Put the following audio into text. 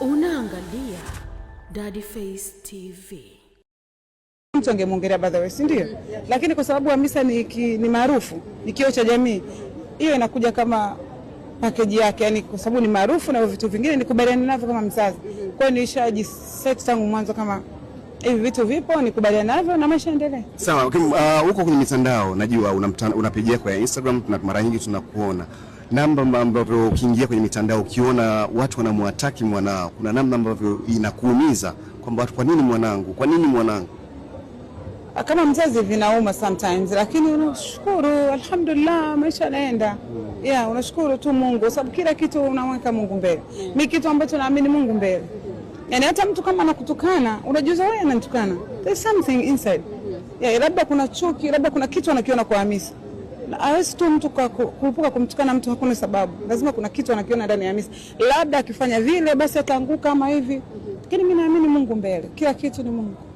Unaangalia Daddy Face TV. Mtu angemwongelea by the way, si ndio? Lakini kwa sababu Hamisa ni, ni maarufu ni kioo cha jamii, hiyo inakuja kama pakeji yake, yani kwa sababu ni maarufu na vitu vingine nikubaliana navyo kama mzazi. Kwa hiyo nilishaji set tangu mwanzo kama hivi vitu vipo, nikubaliana navyo na maisha endelee. Sawa, ah, huko uh, kwenye mitandao najua unapigia kwa Instagram, mara nyingi tunakuona namna ambavyo ukiingia kwenye mitandao ukiona watu wanamwataki mwanao, kuna namna ambavyo inakuumiza kwamba watu, kwa nini mwanangu, kwa nini mwanangu? Ah, kama mzazi vinauma sometimes, lakini unashukuru, alhamdulillah, maisha yanaenda. Mm. Yeah, unashukuru tu Mungu, sababu kila kitu unaweka Mungu mbele. Mimi mm. kitu ambacho naamini Mungu mbele, yani hata mtu kama anakutukana unajua wewe anatukana, there's something inside mm. yeah, labda kuna chuki, labda kuna kitu anakiona kwa Hamisa hawezi tu mtu kuepuka kumtukana mtu, hakuna sababu, lazima kuna kitu anakiona ndani ya Hamisa, labda akifanya vile basi ataanguka ama hivi, lakini mi naamini Mungu mbele, kila kitu ni Mungu.